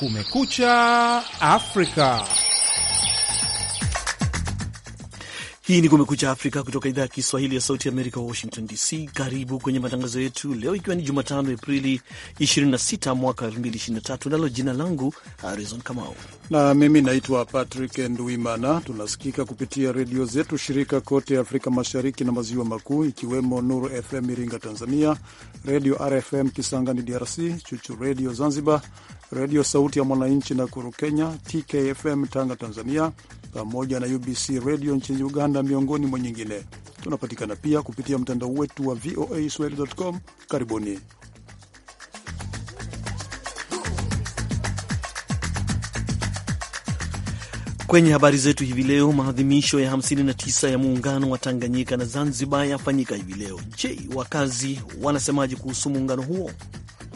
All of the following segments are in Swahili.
Kumekucha Afrika. Hii ni Kumekucha Afrika kutoka idhaa ya Kiswahili ya Sauti ya Amerika, Washington DC. Karibu kwenye matangazo yetu leo, ikiwa ni Jumatano Aprili 26 mwaka 2023. Nalo jina langu Harizon Kamau na mimi naitwa Patrick Nduimana. Tunasikika kupitia redio zetu shirika kote Afrika Mashariki na Maziwa Makuu, ikiwemo Nuru FM Iringa Tanzania, Redio RFM Kisangani DRC, Chuchu Redio Zanzibar, Redio Sauti ya Mwananchi Nakuru Kenya, TKFM Tanga Tanzania, pamoja na UBC Redio nchini Uganda, miongoni mwa nyingine. Tunapatikana pia kupitia mtandao wetu wa VOA swahili.com. Karibuni. Kwenye habari zetu hivi leo, maadhimisho ya 59 ya muungano wa Tanganyika na Zanzibar yafanyika hivi leo. Je, wakazi wanasemaje kuhusu muungano huo?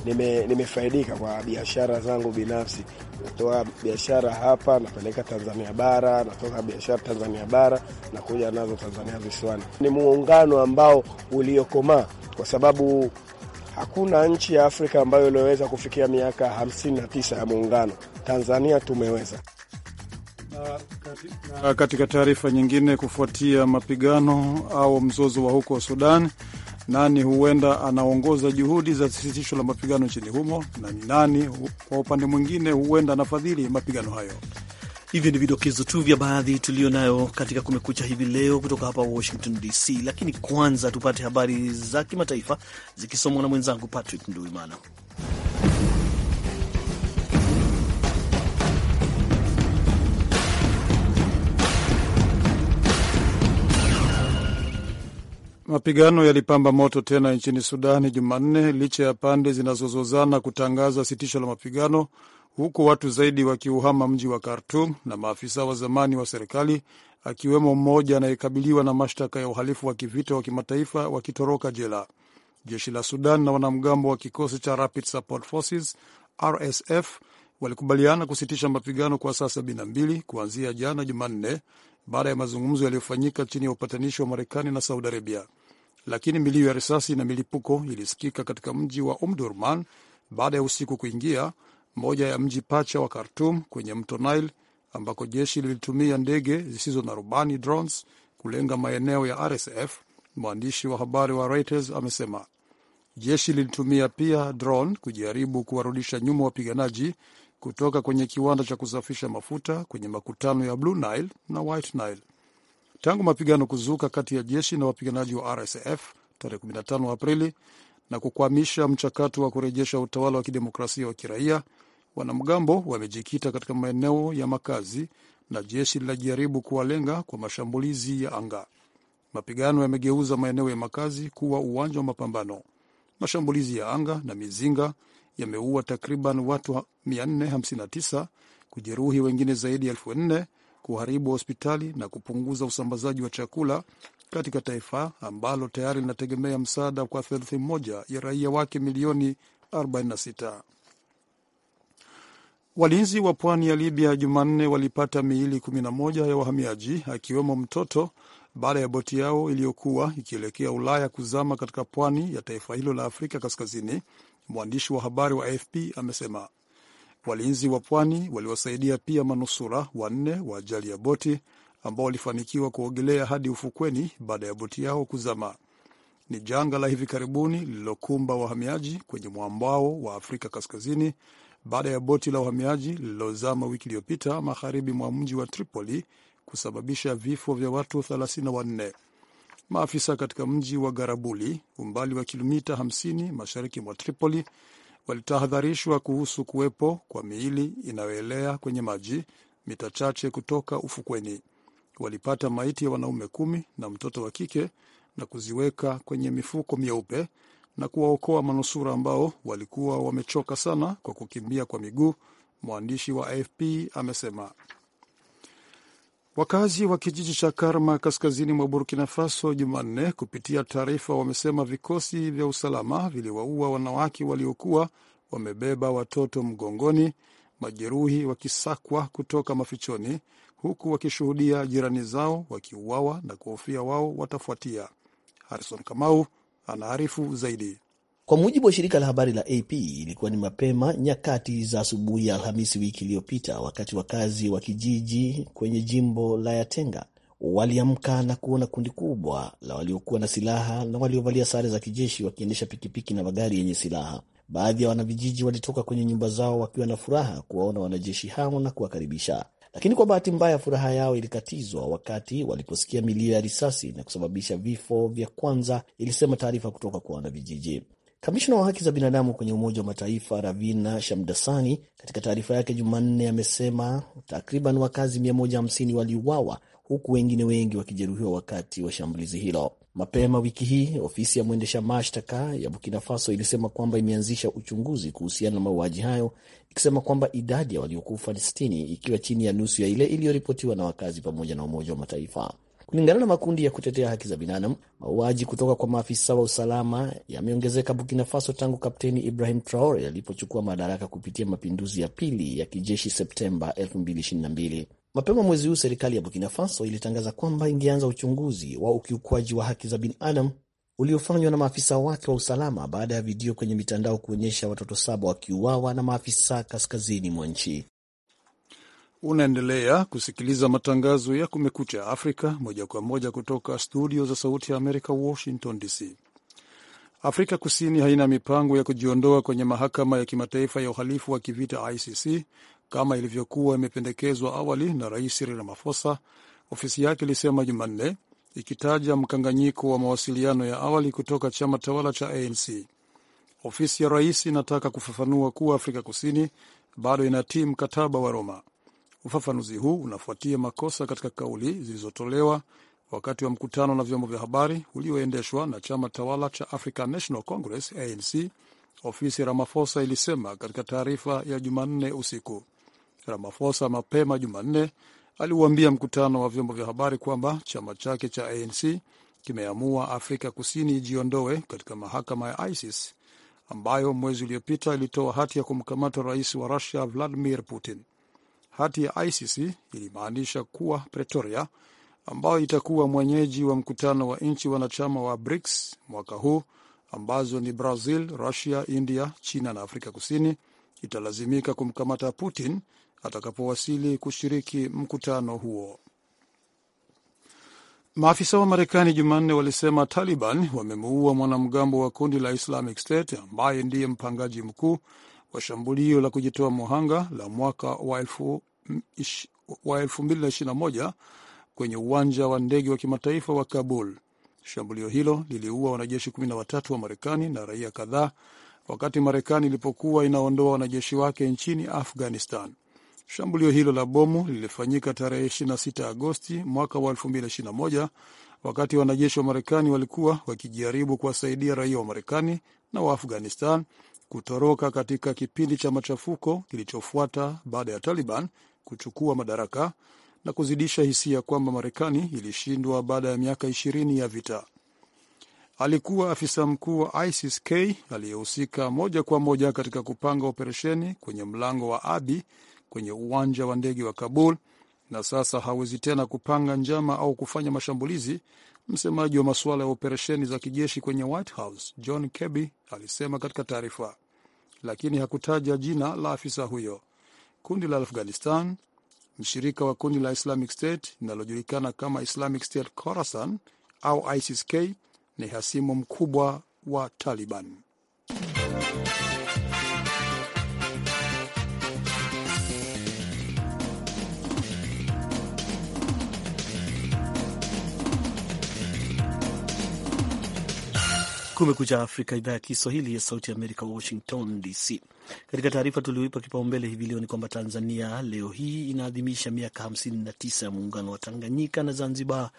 nime, nimefaidika kwa biashara zangu binafsi. Natoa biashara hapa napeleka Tanzania bara, natoka biashara Tanzania bara na kuja nazo Tanzania visiwani. Ni muungano ambao uliokomaa kwa sababu hakuna nchi ya Afrika ambayo iliyoweza kufikia miaka 59 ya muungano. Tanzania tumeweza. Na katika taarifa nyingine, kufuatia mapigano au mzozo wa huko Sudan, nani huenda anaongoza juhudi za sitisho la mapigano nchini humo na ni nani kwa upande mwingine huenda anafadhili mapigano hayo? Hivyo ni vidokezo tu vya baadhi tuliyo nayo katika Kumekucha hivi leo kutoka hapa Washington DC, lakini kwanza tupate habari za kimataifa zikisomwa na mwenzangu Patrick Nduimana. Mapigano yalipamba moto tena nchini Sudani Jumanne licha ya pande zinazozozana kutangaza sitisho la mapigano, huku watu zaidi wakiuhama mji wa Khartum na maafisa wa zamani wa serikali akiwemo mmoja anayekabiliwa na, mashtaka ya uhalifu wa kivita wa kimataifa wakitoroka jela. Jeshi la Sudan na wanamgambo wa kikosi cha Rapid Support Forces RSF walikubaliana kusitisha mapigano kwa saa 72 kuanzia jana Jumanne baada ya mazungumzo yaliyofanyika chini ya upatanishi wa Marekani na Saudi Arabia lakini milio ya risasi na milipuko ilisikika katika mji wa umdurman baada ya usiku kuingia, moja ya mji pacha wa Khartum kwenye mto Nile, ambako jeshi lilitumia ndege zisizo na rubani drones kulenga maeneo ya RSF. Mwandishi wa habari wa Reuters amesema jeshi lilitumia pia drone kujaribu kuwarudisha nyuma wapiganaji kutoka kwenye kiwanda cha kusafisha mafuta kwenye makutano ya Blue Nile na White Nile tangu mapigano kuzuka kati ya jeshi na wapiganaji wa RSF tarehe 15 Aprili na kukwamisha mchakato wa kurejesha utawala wa kidemokrasia wa kiraia. Wanamgambo wamejikita katika maeneo ya makazi na jeshi linajaribu kuwalenga kwa mashambulizi ya anga. Mapigano yamegeuza maeneo ya makazi kuwa uwanja wa mapambano. Mashambulizi ya anga na mizinga yameua takriban watu 459, kujeruhi wengine zaidi ya elfu nne kuharibu hospitali na kupunguza usambazaji wa chakula katika taifa ambalo tayari linategemea msaada kwa theluthi moja ya raia wake milioni 46. Walinzi wa pwani ya Libya Jumanne walipata miili 11 ya wahamiaji akiwemo mtoto baada ya boti yao iliyokuwa ikielekea Ulaya kuzama katika pwani ya taifa hilo la Afrika Kaskazini, mwandishi wa habari wa AFP amesema. Walinzi wa pwani waliwasaidia pia manusura wanne wa ajali ya boti ambao walifanikiwa kuogelea hadi ufukweni baada ya boti yao kuzama. Ni janga la hivi karibuni lililokumba wahamiaji kwenye mwambao wa Afrika Kaskazini baada ya boti la uhamiaji lililozama wiki iliyopita magharibi mwa mji wa Tripoli kusababisha vifo vya watu 34. Maafisa katika mji wa Garabuli, umbali wa kilomita 50 mashariki mwa Tripoli, walitahadharishwa kuhusu kuwepo kwa miili inayoelea kwenye maji mita chache kutoka ufukweni. Walipata maiti ya wanaume kumi na mtoto wa kike na kuziweka kwenye mifuko myeupe na kuwaokoa manusura ambao walikuwa wamechoka sana kwa kukimbia kwa miguu, mwandishi wa AFP amesema. Wakazi wa kijiji cha Karma kaskazini mwa Burkina Faso Jumanne kupitia taarifa wamesema vikosi vya usalama viliwaua wanawake waliokuwa wamebeba watoto mgongoni, majeruhi wakisakwa kutoka mafichoni, huku wakishuhudia jirani zao wakiuawa na kuhofia wao watafuatia. Harison Kamau anaarifu zaidi. Kwa mujibu wa shirika la habari la AP, ilikuwa ni mapema nyakati za asubuhi ya Alhamisi wiki iliyopita, wakati wakazi wa kijiji kwenye jimbo la Yatenga waliamka na kuona kundi kubwa la waliokuwa na silaha na waliovalia sare za kijeshi wakiendesha pikipiki na magari yenye silaha. Baadhi ya wanavijiji walitoka kwenye nyumba zao wakiwa na furaha kuwaona wanajeshi hao na kuwakaribisha, lakini kwa bahati mbaya furaha yao ilikatizwa wakati waliposikia milio ya risasi na kusababisha vifo vya kwanza, ilisema taarifa kutoka kwa wanavijiji. Kamishna wa haki za binadamu kwenye Umoja wa Mataifa Ravina Shamdasani katika taarifa yake Jumanne amesema takriban wakazi 150 waliuawa huku wengine wengi wakijeruhiwa wakati wa shambulizi hilo. Mapema wiki hii, ofisi ya mwendesha mashtaka ya Burkina Faso ilisema kwamba imeanzisha uchunguzi kuhusiana na mauaji hayo, ikisema kwamba idadi ya waliokufa ni 60 ikiwa chini ya nusu ya ile iliyoripotiwa na wakazi pamoja na Umoja wa Mataifa. Kulingana na makundi ya kutetea haki za binadamu, mauaji kutoka kwa maafisa wa usalama yameongezeka Burkina Faso tangu Kapteni Ibrahim Traore alipochukua madaraka kupitia mapinduzi ya pili ya kijeshi Septemba 2022. Mapema mwezi huu serikali ya Burkina Faso ilitangaza kwamba ingeanza uchunguzi wa ukiukwaji wa haki za binadamu uliofanywa na maafisa wake wa usalama baada ya video kwenye mitandao kuonyesha watoto saba wakiuawa na maafisa kaskazini mwa nchi. Unaendelea kusikiliza matangazo ya Kumekucha Afrika moja kwa moja kutoka studio za Sauti ya Amerika, Washington DC. Afrika Kusini haina mipango ya kujiondoa kwenye mahakama ya kimataifa ya uhalifu wa kivita ICC kama ilivyokuwa imependekezwa awali na Rais Cyril Ramaphosa, ofisi yake ilisema Jumanne, ikitaja mkanganyiko wa mawasiliano ya awali kutoka chama tawala cha ANC. Ofisi ya rais inataka kufafanua kuwa Afrika Kusini bado inatii mkataba wa Roma. Ufafanuzi huu unafuatia makosa katika kauli zilizotolewa wakati wa mkutano na vyombo vya habari ulioendeshwa na chama tawala cha African National Congress, ANC, ofisi ya ilisema katika taarifa ya Jumanne usiku. ramafosa mapema Jumanne aliuambia mkutano wa vyombo vya habari kwamba chama chake cha ANC kimeamua Afrika Kusini ijiondoe katika mahakama ya ICC ambayo mwezi uliopita ilitoa hati ya kumkamata rais wa rusia Vladimir Putin. Hati ya ICC ilimaanisha kuwa Pretoria, ambayo itakuwa mwenyeji wa mkutano wa nchi wanachama wa BRICS mwaka huu, ambazo ni Brazil, Russia, India, China na Afrika Kusini, italazimika kumkamata Putin atakapowasili kushiriki mkutano huo. Maafisa wa Marekani Jumanne walisema Taliban wamemuua mwanamgambo wa kundi la Islamic State ambaye ndiye mpangaji mkuu wa shambulio la kujitoa muhanga la mwaka wa elfu wa 2021 kwenye uwanja wa ndege wa kimataifa wa Kabul. Shambulio hilo liliua wanajeshi 13 wa Marekani na raia kadhaa wakati Marekani ilipokuwa inaondoa wanajeshi wake nchini Afghanistan. Shambulio hilo la bomu lilifanyika tarehe 26 Agosti mwaka wa 2021 wakati wanajeshi wa Marekani walikuwa wakijaribu kuwasaidia raia wa Marekani na wa Afghanistan kutoroka katika kipindi cha machafuko kilichofuata baada ya Taliban kuchukua madaraka na kuzidisha hisia kwamba Marekani ilishindwa baada ya miaka ishirini ya vita. Alikuwa afisa mkuu wa ISIS-K aliyehusika moja kwa moja katika kupanga operesheni kwenye mlango wa Abi kwenye uwanja wa ndege wa Kabul, na sasa hawezi tena kupanga njama au kufanya mashambulizi. Msemaji wa masuala ya operesheni za kijeshi kwenye White House John Kirby alisema katika taarifa, lakini hakutaja jina la afisa huyo. Kundi la Afghanistan mshirika wa kundi la Islamic State linalojulikana kama Islamic State Khorasan au ISIS-K ni hasimu mkubwa wa Taliban. Kumekucha Afrika, idhaa ya Kiswahili ya Sauti ya Amerika, Washington DC. Katika taarifa tulioipa kipaumbele hivi leo ni kwamba Tanzania leo hii inaadhimisha miaka 59 ya muungano wa Tanganyika na Zanzibar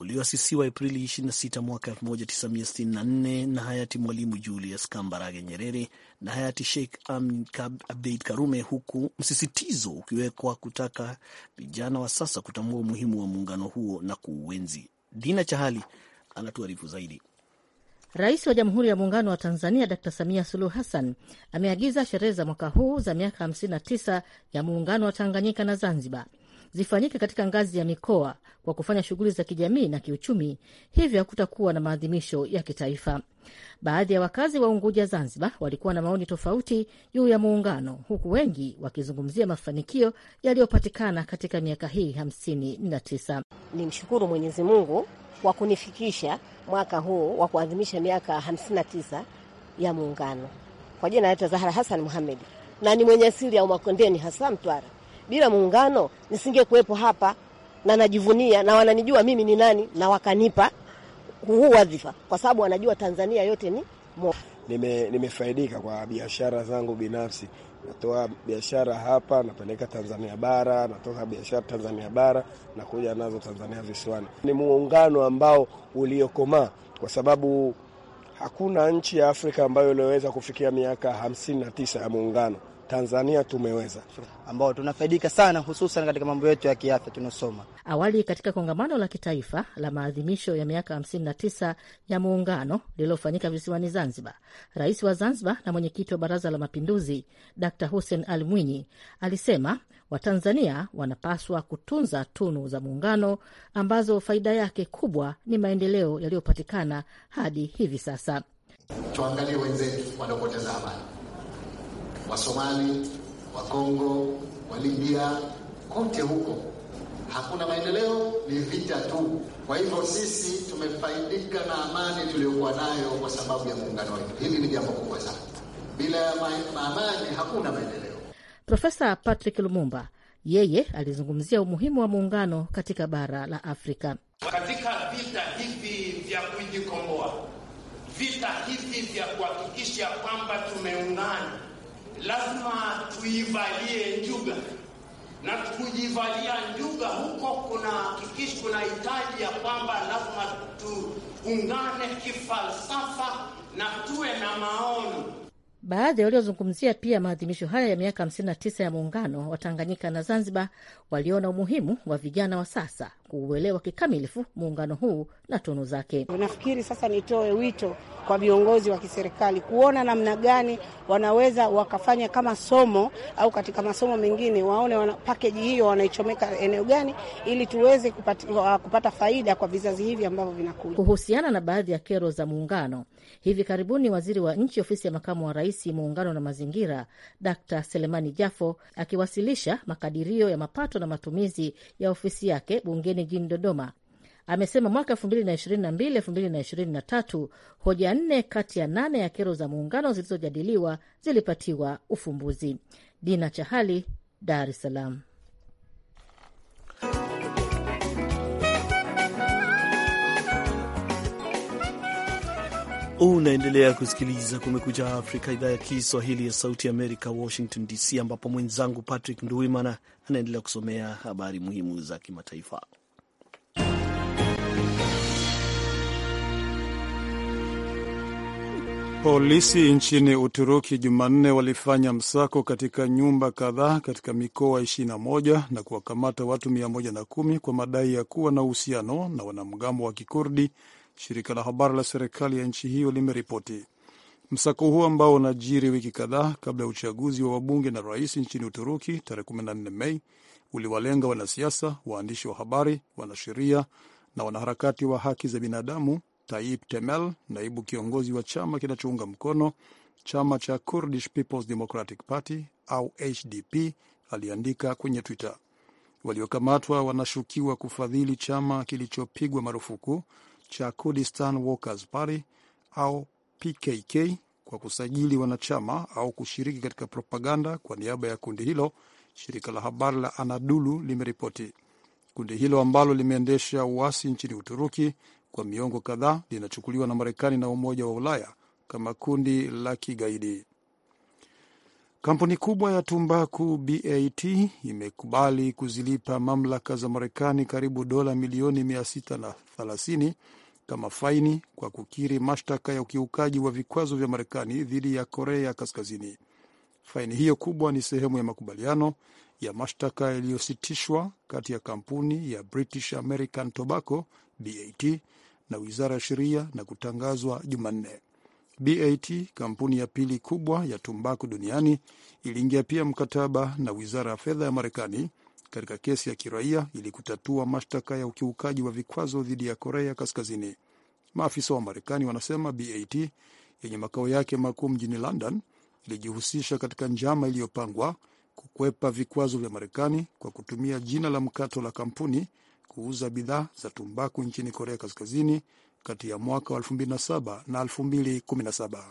ulioasisiwa Aprili 26 mwaka 1964 na hayati Mwalimu Julius Kambarage Nyerere na hayati Sheikh Amin Abdeid Karume, huku msisitizo ukiwekwa kutaka vijana wa sasa kutambua umuhimu wa muungano huo na kuuenzi. Dina Chahali anatuarifu zaidi. Rais wa Jamhuri ya Muungano wa Tanzania dkt Samia Suluhu Hassan ameagiza sherehe za mwaka huu za miaka 59 ya Muungano wa Tanganyika na Zanzibar zifanyike katika ngazi ya mikoa kwa kufanya shughuli za kijamii na kiuchumi, hivyo hakutakuwa na maadhimisho ya kitaifa. Baadhi ya wakazi wa Unguja, Zanzibar, walikuwa na maoni tofauti juu ya muungano, huku wengi wakizungumzia mafanikio yaliyopatikana katika miaka hii tisa ni Mwenyezi Mungu kwa kunifikisha mwaka huu wa kuadhimisha miaka tisa ya muungano. Kwa jina naitwa zahara Hassan muhamedi na ni mwenye asili ya Umakondeni, hasa Mtwara. Bila muungano nisingekuwepo hapa na najivunia, na wananijua mimi ni nani na wakanipa huu wadhifa, kwa sababu wanajua Tanzania yote ni Nime, nimefaidika kwa biashara zangu binafsi, natoa biashara hapa napeleka Tanzania bara, natoka biashara Tanzania bara na kuja nazo Tanzania visiwani. Ni muungano ambao uliokomaa kwa sababu hakuna nchi ya Afrika ambayo iliweza kufikia miaka hamsini na tisa ya muungano. Tanzania tumeweza ambao tunafaidika sana, hususan katika mambo yetu ya kiafya tunasoma. Awali katika kongamano la kitaifa la maadhimisho ya miaka 59 ya Muungano lililofanyika visiwani Zanzibar, rais wa Zanzibar na mwenyekiti wa Baraza la Mapinduzi Dr Hussein Ali Mwinyi alisema Watanzania wanapaswa kutunza tunu za Muungano ambazo faida yake kubwa ni maendeleo yaliyopatikana hadi hivi sasa. Tuangalie wenzetu wanaopoteza amani Wasomali, Wakongo, Walibia, kote huko hakuna maendeleo, ni vita tu. Kwa hivyo sisi tumefaidika na amani tuliyokuwa nayo kwa sababu ya muungano wetu. Hili ni jambo kubwa sana. Bila ya amani hakuna maendeleo. Profesa Patrick Lumumba yeye alizungumzia umuhimu wa muungano katika bara la Afrika. Katika vita hivi vya kujikomboa, vita hivi vya kuhakikisha kwamba lazima tuivalie njuga, na kujivalia njuga huko kunahakikisha, hitaji ya kwamba lazima tuungane kifalsafa na tuwe na maono Baadhi waliozungumzia pia maadhimisho haya ya miaka 59 ya muungano wa Tanganyika na Zanzibar waliona umuhimu wa vijana wa sasa kuuelewa kikamilifu muungano huu na tunu zake. Nafikiri sasa nitoe wito kwa viongozi wa kiserikali kuona namna gani wanaweza wakafanya kama somo au katika masomo mengine, waone wana pakeji hiyo wanaichomeka eneo gani, ili tuweze kupata, kupata faida kwa vizazi hivi ambavyo vinakuja. Kuhusiana na baadhi ya kero za muungano Hivi karibuni waziri wa nchi ofisi ya makamu wa rais, muungano na mazingira, d Selemani Jafo akiwasilisha makadirio ya mapato na matumizi ya ofisi yake bungeni jijini Dodoma amesema mwaka 2022-2023 hoja nne kati ya nane ya kero za muungano zilizojadiliwa zilipatiwa ufumbuzi. Dina Chahali, Dar es Salaam. Unaendelea kusikiliza Kumekucha Afrika, idhaa ya Kiswahili ya Sauti Amerika, Washington DC, ambapo mwenzangu Patrick Nduwimana anaendelea kusomea habari muhimu za kimataifa. Polisi nchini Uturuki Jumanne walifanya msako katika nyumba kadhaa katika mikoa 21 na kuwakamata watu 110 kwa madai ya kuwa na uhusiano na wanamgambo wa Kikurdi shirika la habari la serikali ya nchi hiyo limeripoti. Msako huo ambao unajiri wiki kadhaa kabla ya uchaguzi wa wabunge na rais nchini Uturuki tarehe 14 Mei uliwalenga wanasiasa, waandishi wa habari, wanasheria na wanaharakati wa haki za binadamu. Tayyip Temel, naibu kiongozi wa chama kinachounga mkono chama cha Kurdish People's Democratic Party au HDP, aliandika kwenye Twitter. Waliokamatwa wanashukiwa kufadhili chama kilichopigwa marufuku cha Kurdistan Workers Party au PKK kwa kusajili wanachama au kushiriki katika propaganda kwa niaba ya kundi hilo, shirika la habari la Anadolu limeripoti. Kundi hilo ambalo limeendesha uasi nchini Uturuki kwa miongo kadhaa linachukuliwa na Marekani na Umoja wa Ulaya kama kundi la kigaidi. Kampuni kubwa ya tumbaku BAT imekubali kuzilipa mamlaka za Marekani karibu dola milioni 630 kama faini kwa kukiri mashtaka ya ukiukaji wa vikwazo vya Marekani dhidi ya Korea Kaskazini. Faini hiyo kubwa ni sehemu ya makubaliano ya mashtaka yaliyositishwa kati ya kampuni ya British American Tobacco BAT na wizara ya sheria na kutangazwa Jumanne. BAT, kampuni ya pili kubwa ya tumbaku duniani, iliingia pia mkataba na wizara ya fedha ya Marekani katika kesi ya kiraia ili kutatua mashtaka ya ukiukaji wa vikwazo dhidi ya Korea Kaskazini. Maafisa wa Marekani wanasema BAT yenye makao yake makuu mjini London ilijihusisha katika njama iliyopangwa kukwepa vikwazo vya Marekani kwa kutumia jina la mkato la kampuni kuuza bidhaa za tumbaku nchini Korea Kaskazini kati ya mwaka wa 2007 na 2017.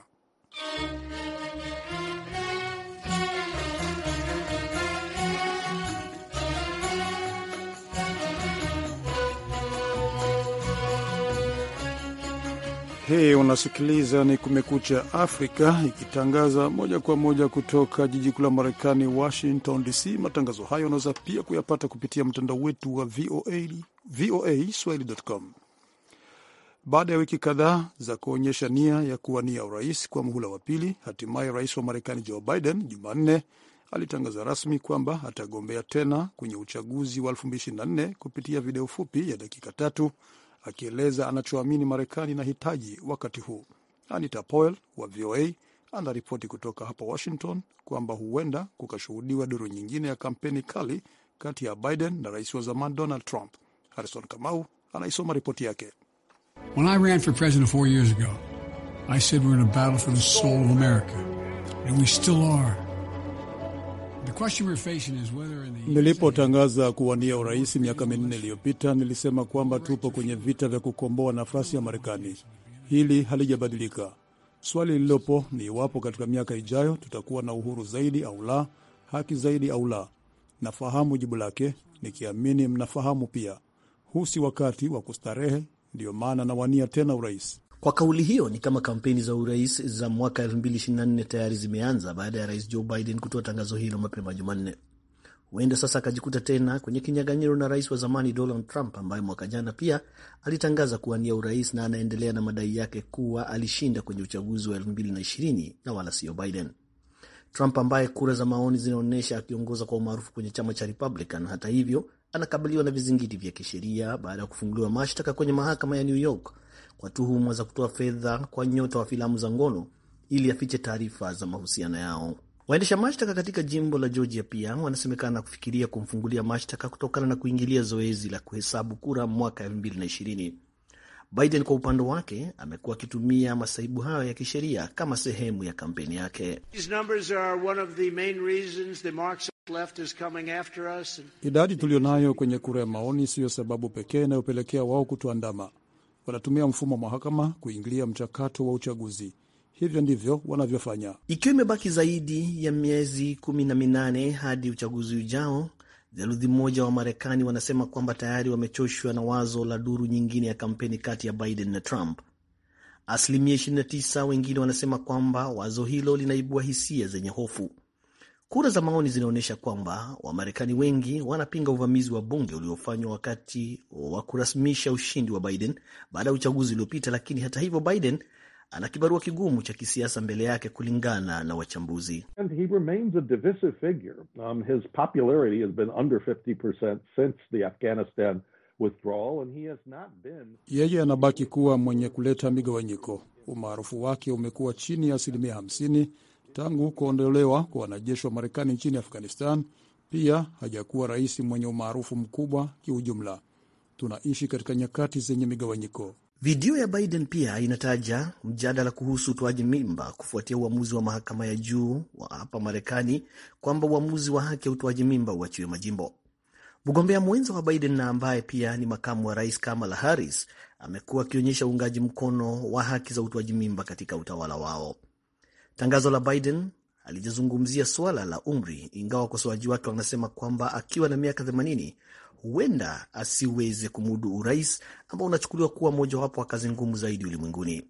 Hii unasikiliza ni Kumekucha Afrika ikitangaza moja kwa moja kutoka jiji kuu la Marekani, Washington DC. Matangazo hayo unaweza pia kuyapata kupitia mtandao wetu wa VOA, VOA swahili.com. Baada ya wiki kadhaa za kuonyesha nia ya kuwania urais kwa muhula wa pili, hatimaye rais wa Marekani Joe Biden Jumanne alitangaza rasmi kwamba atagombea tena kwenye uchaguzi wa 2024 kupitia video fupi ya dakika tatu akieleza anachoamini Marekani inahitaji wakati huu. Anita Powell wa VOA anaripoti kutoka hapa Washington kwamba huenda kukashuhudiwa duru nyingine ya kampeni kali kati ya Biden na rais wa zamani Donald Trump. Harrison Kamau anaisoma ripoti yake. When I ran for president four years ago, I said we're in a battle for the soul of America, and we still are. Nilipotangaza kuwania urais miaka minne iliyopita, nilisema kwamba tupo kwenye vita vya kukomboa nafasi ya Marekani. Hili halijabadilika. Swali lililopo ni iwapo katika miaka ijayo tutakuwa na uhuru zaidi au la, haki zaidi au la. Nafahamu jibu lake, nikiamini mnafahamu pia. Huu si wakati wa kustarehe, ndiyo maana nawania tena urais. Kwa kauli hiyo ni kama kampeni za urais za mwaka 2024 tayari zimeanza baada ya rais Joe Biden kutoa tangazo hilo mapema Jumanne. Huenda sasa akajikuta tena kwenye kinyang'anyiro na rais wa zamani Donald Trump ambaye mwaka jana pia alitangaza kuwania urais na anaendelea na madai yake kuwa alishinda kwenye uchaguzi wa 2020 na wala sio Biden. Trump ambaye kura za maoni zinaonyesha akiongoza kwa umaarufu kwenye chama cha Republican, hata hivyo, anakabiliwa na vizingiti vya kisheria baada ya kufunguliwa mashtaka kwenye mahakama ya New York kwa tuhuma za kutoa fedha kwa nyota wa filamu za ngono ili afiche taarifa za mahusiano yao. Waendesha mashtaka katika jimbo la Georgia pia wanasemekana kufikiria kumfungulia mashtaka kutokana na kuingilia zoezi la kuhesabu kura mwaka 2020. Biden kwa upande wake amekuwa akitumia masaibu hayo ya kisheria kama sehemu ya kampeni yake. Idadi tuliyonayo kwenye kura ya maoni siyo sababu pekee inayopelekea wao kutuandama wanatumia mfumo wa mahakama kuingilia mchakato wa uchaguzi. Hivyo ndivyo wanavyofanya. Ikiwa imebaki zaidi ya miezi kumi na minane hadi uchaguzi ujao, theluthi mmoja wa Marekani wanasema kwamba tayari wamechoshwa na wazo la duru nyingine ya kampeni kati ya Biden na Trump. Asilimia 29 wengine wanasema kwamba wazo hilo linaibua hisia zenye hofu. Kura za maoni zinaonyesha kwamba Wamarekani wengi wanapinga uvamizi wa bunge uliofanywa wakati wa kurasmisha ushindi wa Biden baada ya uchaguzi uliopita, lakini hata hivyo Biden ana kibarua kigumu cha kisiasa mbele yake kulingana na wachambuzi. Um, been... yeye anabaki kuwa mwenye kuleta migawanyiko. Umaarufu wake umekuwa chini ya asilimia hamsini Tangu kuondolewa kwa wanajeshi wa Marekani nchini Afghanistan, pia hajakuwa rais mwenye umaarufu mkubwa kiujumla. Tunaishi katika nyakati zenye migawanyiko. Video ya Biden pia inataja mjadala kuhusu utoaji mimba kufuatia uamuzi wa mahakama ya juu wa hapa Marekani kwamba uamuzi wa haki ya utoaji mimba uachiwe majimbo. Mgombea mwenza wa Biden na ambaye pia ni makamu wa rais Kamala Harris amekuwa akionyesha uungaji mkono wa haki za utoaji mimba katika utawala wao. Tangazo la Biden alijazungumzia suala la umri, ingawa wakosoaji wake wanasema kwamba akiwa na miaka 80 huenda asiweze kumudu urais ambao unachukuliwa kuwa mojawapo wa kazi ngumu zaidi ulimwenguni.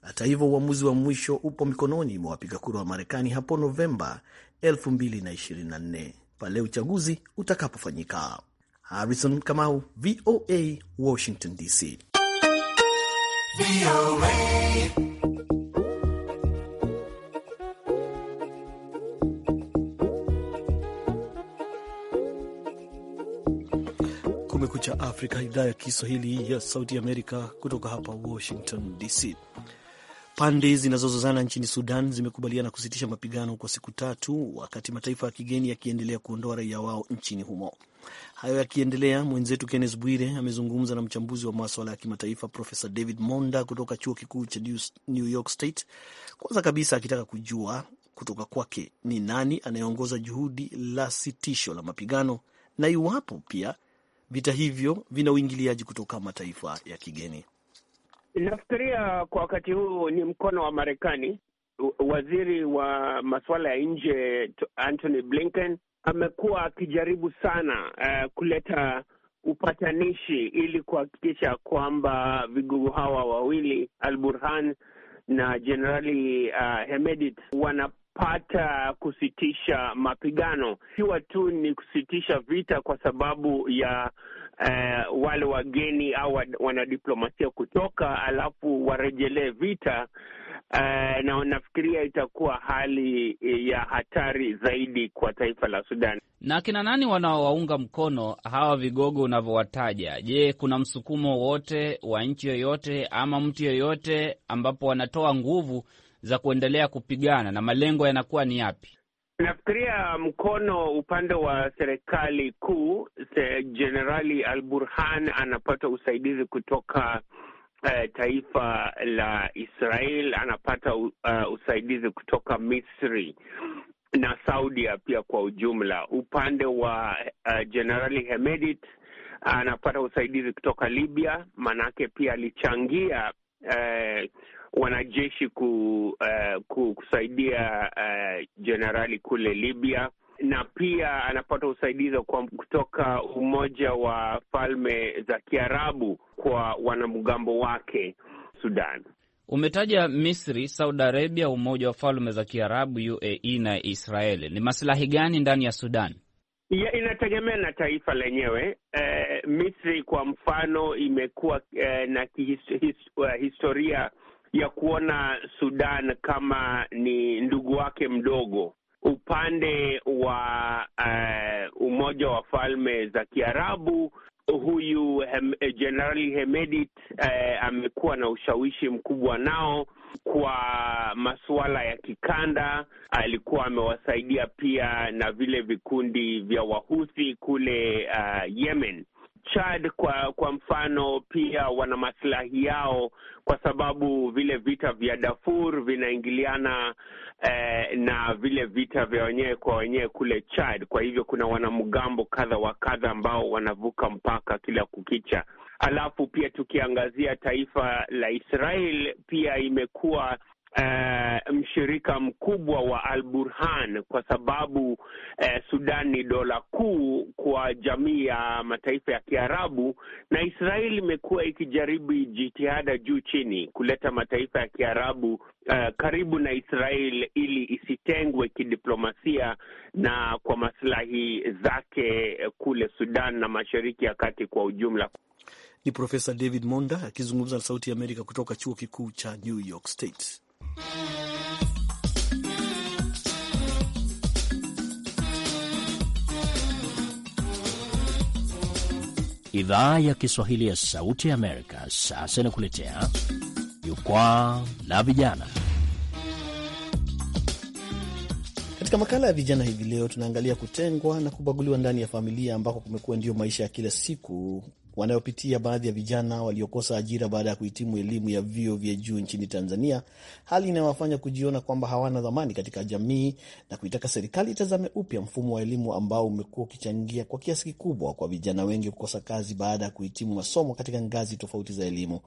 Hata hivyo, uamuzi wa mwisho upo mikononi mwa wapiga kura wa Marekani hapo Novemba 2024 pale uchaguzi utakapofanyika. Harrison Kamau, VOA, Washington DC. Kumekucha Afrika, idhaa ya Kiswahili ya Sauti Amerika, kutoka hapa Washington DC. Pande zinazozozana nchini Sudan zimekubaliana kusitisha mapigano kwa siku tatu, wakati mataifa ya kigeni yakiendelea kuondoa raia wao nchini humo. Hayo yakiendelea, mwenzetu Kennes Bwire amezungumza na mchambuzi wa maswala ya kimataifa Profesa David Monda kutoka chuo kikuu cha New York State, kwanza kabisa akitaka kujua kutoka kwake ni nani anayeongoza juhudi la sitisho la mapigano na iwapo pia vita hivyo vina uingiliaji kutoka mataifa ya kigeni? Nafikiria kwa wakati huu ni mkono wa Marekani. Waziri wa masuala ya nje antony Blinken amekuwa akijaribu sana uh, kuleta upatanishi ili kuhakikisha kwamba vigogo hawa wawili Al Burhan na Jenerali uh, Hemedit wana kupata kusitisha mapigano, ikiwa tu ni kusitisha vita kwa sababu ya uh, wale wageni au wanadiplomasia kutoka, alafu warejelee vita uh, na nafikiria itakuwa hali eh, ya hatari zaidi kwa taifa la Sudan. Na kina nani wanaowaunga mkono hawa vigogo unavyowataja? Je, kuna msukumo wote wa nchi yoyote ama mtu yoyote ambapo wanatoa nguvu za kuendelea kupigana na malengo yanakuwa ni yapi? Nafikiria mkono upande wa serikali kuu, Jenerali Al Burhan anapata usaidizi kutoka uh, taifa la Israel, anapata uh, usaidizi kutoka Misri na Saudia pia kwa ujumla. Upande wa Jenerali eh, uh, Hemedit anapata usaidizi kutoka Libya, maanake pia alichangia uh, wanajeshi ku, uh, kusaidia eh, jenerali kule Libya na pia anapata usaidizi kutoka Umoja wa Falme za Kiarabu kwa wanamgambo wake Sudan. Umetaja Misri, Saudi Arabia, Umoja wa Falme za Kiarabu, UAE na Israeli. Ni masilahi gani ndani ya Sudan? Ya, inategemea na taifa lenyewe. E, Misri kwa mfano imekuwa e, na his, his, uh, historia ya kuona Sudan kama ni ndugu wake mdogo upande wa uh, Umoja wa Falme za Kiarabu. Huyu Jenerali Hemedit uh, amekuwa na ushawishi mkubwa nao kwa masuala ya kikanda. Alikuwa amewasaidia pia na vile vikundi vya Wahuthi kule uh, Yemen. Chad kwa kwa mfano pia wana masilahi yao, kwa sababu vile vita vya Darfur vinaingiliana eh, na vile vita vya wenyewe kwa wenyewe kule Chad. Kwa hivyo kuna wanamgambo kadha wa kadha ambao wanavuka mpaka kila kukicha. Alafu pia tukiangazia taifa la Israel, pia imekuwa eh, mshirika mkubwa wa Al Burhan kwa sababu eh, Sudan ni dola kuu kwa jamii ya mataifa ya Kiarabu, na Israeli imekuwa ikijaribu jitihada juu chini kuleta mataifa ya Kiarabu uh, karibu na israel ili isitengwe kidiplomasia na kwa masilahi zake kule Sudan na Mashariki ya Kati kwa ujumla. Ni Profesa David Monda akizungumza na Sauti ya Amerika kutoka chuo kikuu cha New York State. Idhaa ya Kiswahili ya Sauti ya Amerika sasa inakuletea Jukwaa la Vijana. Katika makala ya vijana hivi leo, tunaangalia kutengwa na kubaguliwa ndani ya familia ambako kumekuwa ndiyo maisha ya kila siku wanayopitia baadhi ya vijana waliokosa ajira baada ya kuhitimu elimu ya vyuo vya juu nchini Tanzania, hali inayowafanya kujiona kwamba hawana dhamani katika jamii na kuitaka serikali itazame upya mfumo wa elimu ambao umekuwa ukichangia kwa kiasi kikubwa kwa vijana wengi kukosa kazi baada ya kuhitimu masomo katika ngazi tofauti za elimu.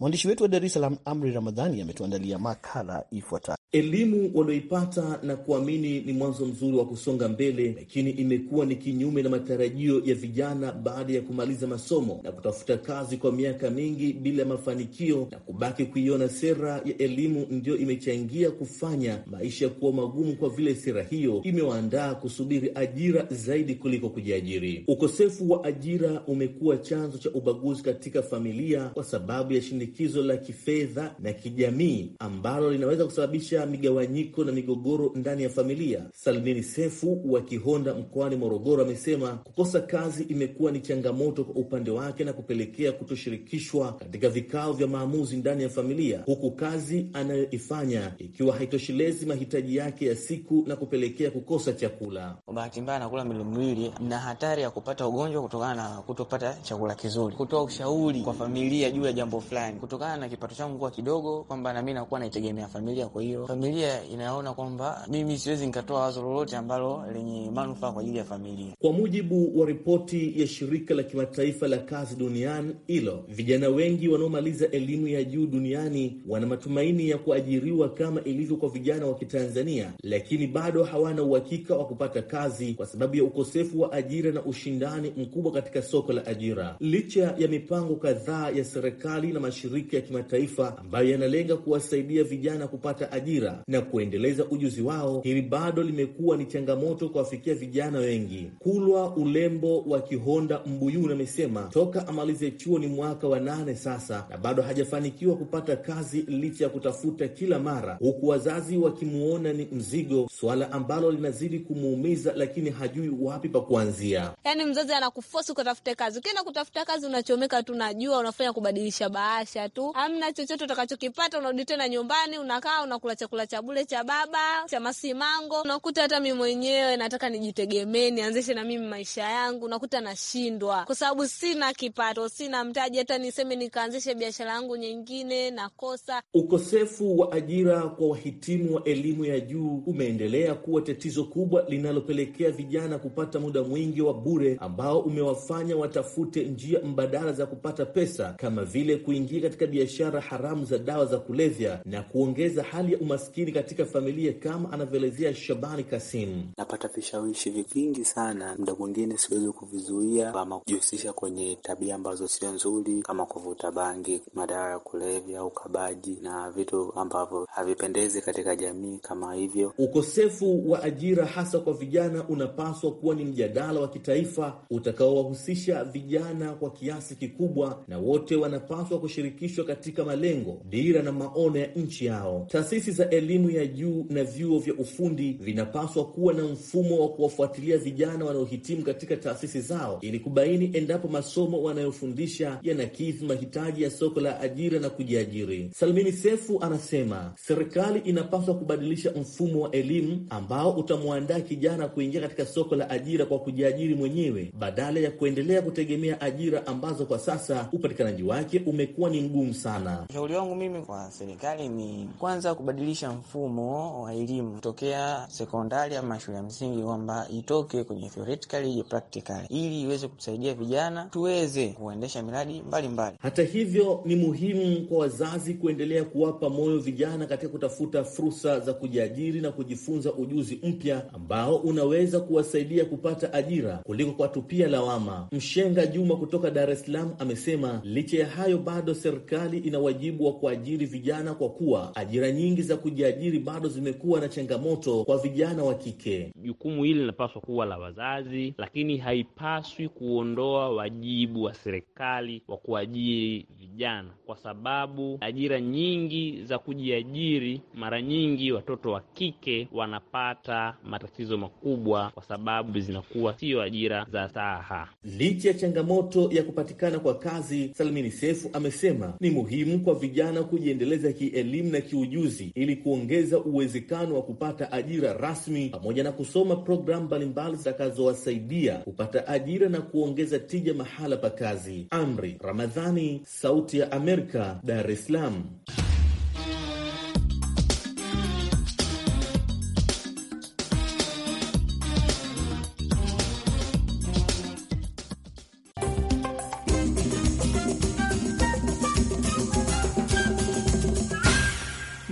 Mwandishi wetu wa Dar es Salaam, Amri Ramadhani, ametuandalia makala ifuatayo elimu walioipata na kuamini ni mwanzo mzuri wa kusonga mbele, lakini imekuwa ni kinyume na matarajio ya vijana baada ya kumaliza masomo na kutafuta kazi kwa miaka mingi bila mafanikio na kubaki kuiona sera ya elimu ndiyo imechangia kufanya maisha kuwa magumu, kwa vile sera hiyo imewaandaa kusubiri ajira zaidi kuliko kujiajiri. Ukosefu wa ajira umekuwa chanzo cha ubaguzi katika familia kwa sababu ya shinikizo la kifedha na kijamii ambalo linaweza kusababisha kuchochea migawanyiko na migogoro ndani ya familia. Salmini Sefu wa Kihonda mkoani Morogoro amesema kukosa kazi imekuwa ni changamoto kwa upande wake na kupelekea kutoshirikishwa katika vikao vya maamuzi ndani ya familia, huku kazi anayoifanya ikiwa haitoshelezi mahitaji yake ya siku na kupelekea kukosa chakula. Kwa bahati mbaya anakula milo miwili na hatari ya kupata ugonjwa kutokana na kutopata chakula kizuri. Kutoa ushauri kwa familia juu ya jambo fulani, kutokana na kipato changu kuwa kidogo, kwamba nami nakuwa naitegemea familia, kwa hiyo familia inaona kwamba mimi siwezi nikatoa wazo lolote ambalo lenye manufaa kwa ajili ya familia. Kwa mujibu wa ripoti ya shirika la kimataifa la kazi duniani ILO, vijana wengi wanaomaliza elimu ya juu duniani wana matumaini ya kuajiriwa kama ilivyo kwa vijana wa Kitanzania, lakini bado hawana uhakika wa kupata kazi kwa sababu ya ukosefu wa ajira na ushindani mkubwa katika soko la ajira, licha ya mipango kadhaa ya serikali na mashirika ya kimataifa ambayo yanalenga kuwasaidia vijana kupata ajira ajira na kuendeleza ujuzi wao, hili bado limekuwa ni changamoto kuwafikia vijana wengi. Kulwa Ulembo wa Kihonda Mbuyuni amesema toka amalize chuo ni mwaka wa nane sasa na bado hajafanikiwa kupata kazi licha ya kutafuta kila mara, huku wazazi wakimuona ni mzigo, suala ambalo linazidi kumuumiza, lakini hajui wapi pa kuanzia. Yani mzazi anakufosi ukatafute kazi, ukienda kutafuta kazi unachomeka tu, najua unafanya kubadilisha bahasha tu, hamna chochote utakachokipata, unarudi tena nyumbani, unakaa unakula chakula cha bule cha baba cha masimango. Unakuta hata mi mwenyewe nataka nijitegemee, nianzishe na mimi maisha yangu, nakuta nashindwa kwa sababu sina kipato, sina mtaji, hata niseme nikaanzishe biashara yangu nyingine nakosa. Ukosefu wa ajira kwa wahitimu wa elimu ya juu umeendelea kuwa tatizo kubwa linalopelekea vijana kupata muda mwingi wa bure ambao umewafanya watafute njia mbadala za kupata pesa kama vile kuingia katika biashara haramu za dawa za kulevya na kuongeza hali ya umasikini umaskini katika familia, kama anavyoelezea Shabani kasim Napata vishawishi vingi sana, muda mwingine siwezi kuvizuia kama kujihusisha kwenye tabia ambazo sio nzuri, kama kuvuta bangi, madawa ya kulevya, ukabaji na vitu ambavyo havipendezi katika jamii kama hivyo. Ukosefu wa ajira hasa kwa vijana unapaswa kuwa ni mjadala wa kitaifa utakaowahusisha vijana kwa kiasi kikubwa, na wote wanapaswa kushirikishwa katika malengo, dira na maono ya nchi yao. Taasisi za elimu ya juu na vyuo vya ufundi vinapaswa kuwa na mfumo wa kuwafuatilia vijana wanaohitimu katika taasisi zao ili kubaini endapo masomo wanayofundisha yanakidhi mahitaji ya soko la ajira na kujiajiri. Salmini Sefu anasema serikali inapaswa kubadilisha mfumo wa elimu ambao utamwandaa kijana kuingia katika soko la ajira kwa kujiajiri mwenyewe badala ya kuendelea kutegemea ajira ambazo kwa sasa upatikanaji wake umekuwa ni mgumu sana. Ushauri wangu mimi kwa serikali ni kwanza kubadilisha kubadilisha mfumo wa elimu kutokea sekondari ama shule ya msingi, kwamba itoke kwenye theoretical ije practical, ili iweze kutusaidia vijana tuweze kuendesha miradi mbalimbali mbali. Hata hivyo, ni muhimu kwa wazazi kuendelea kuwapa moyo vijana katika kutafuta fursa za kujiajiri na kujifunza ujuzi mpya ambao unaweza kuwasaidia kupata ajira kuliko kuwatupia lawama. Mshenga Juma kutoka Dar es Salaam amesema licha ya hayo bado serikali ina wajibu wa kuajiri vijana kwa kuwa ajira nyingi za kujiajiri bado zimekuwa na changamoto kwa vijana wa kike. Jukumu hili linapaswa kuwa la wazazi, lakini haipaswi kuondoa wajibu wa serikali wa kuajiri vijana, kwa sababu ajira nyingi za kujiajiri, mara nyingi watoto wa kike wanapata matatizo makubwa, kwa sababu zinakuwa siyo ajira za staha. Licha ya changamoto ya kupatikana kwa kazi, Salmini Sefu amesema ni muhimu kwa vijana kujiendeleza kielimu na kiujuzi ili ili kuongeza uwezekano wa kupata ajira rasmi pamoja na kusoma programu mbalimbali zitakazowasaidia kupata ajira na kuongeza tija mahala pa kazi. Amri Ramadhani, Sauti ya Amerika, Dar es Salaam.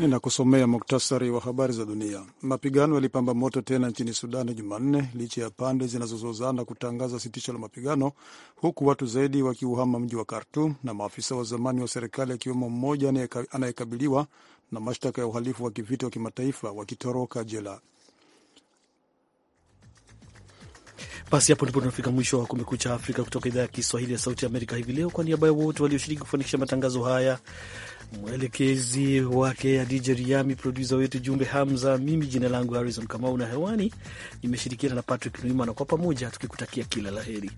Ninakusomea muktasari wa habari za dunia. Mapigano yalipamba moto tena nchini Sudani Jumanne licha ya pande zinazozozana kutangaza sitisho la mapigano, huku watu zaidi wakiuhama mji wa Khartum na maafisa wa zamani wa serikali akiwemo mmoja anayekabiliwa na mashtaka ya uhalifu wa kivita wa kimataifa wakitoroka jela. Basi hapo ndipo tunafika mwisho wa Kumekucha Afrika kutoka idhaa ya Kiswahili ya Sauti ya Amerika hivi leo. Kwa niaba ya wote walioshiriki kufanikisha matangazo haya mwelekezi wake dj Riami, produsa wetu Jumbe Hamza, mimi jina langu Harrison Kamau na hewani nimeshirikiana na Patrick nuimana kwa pamoja tukikutakia kila la heri.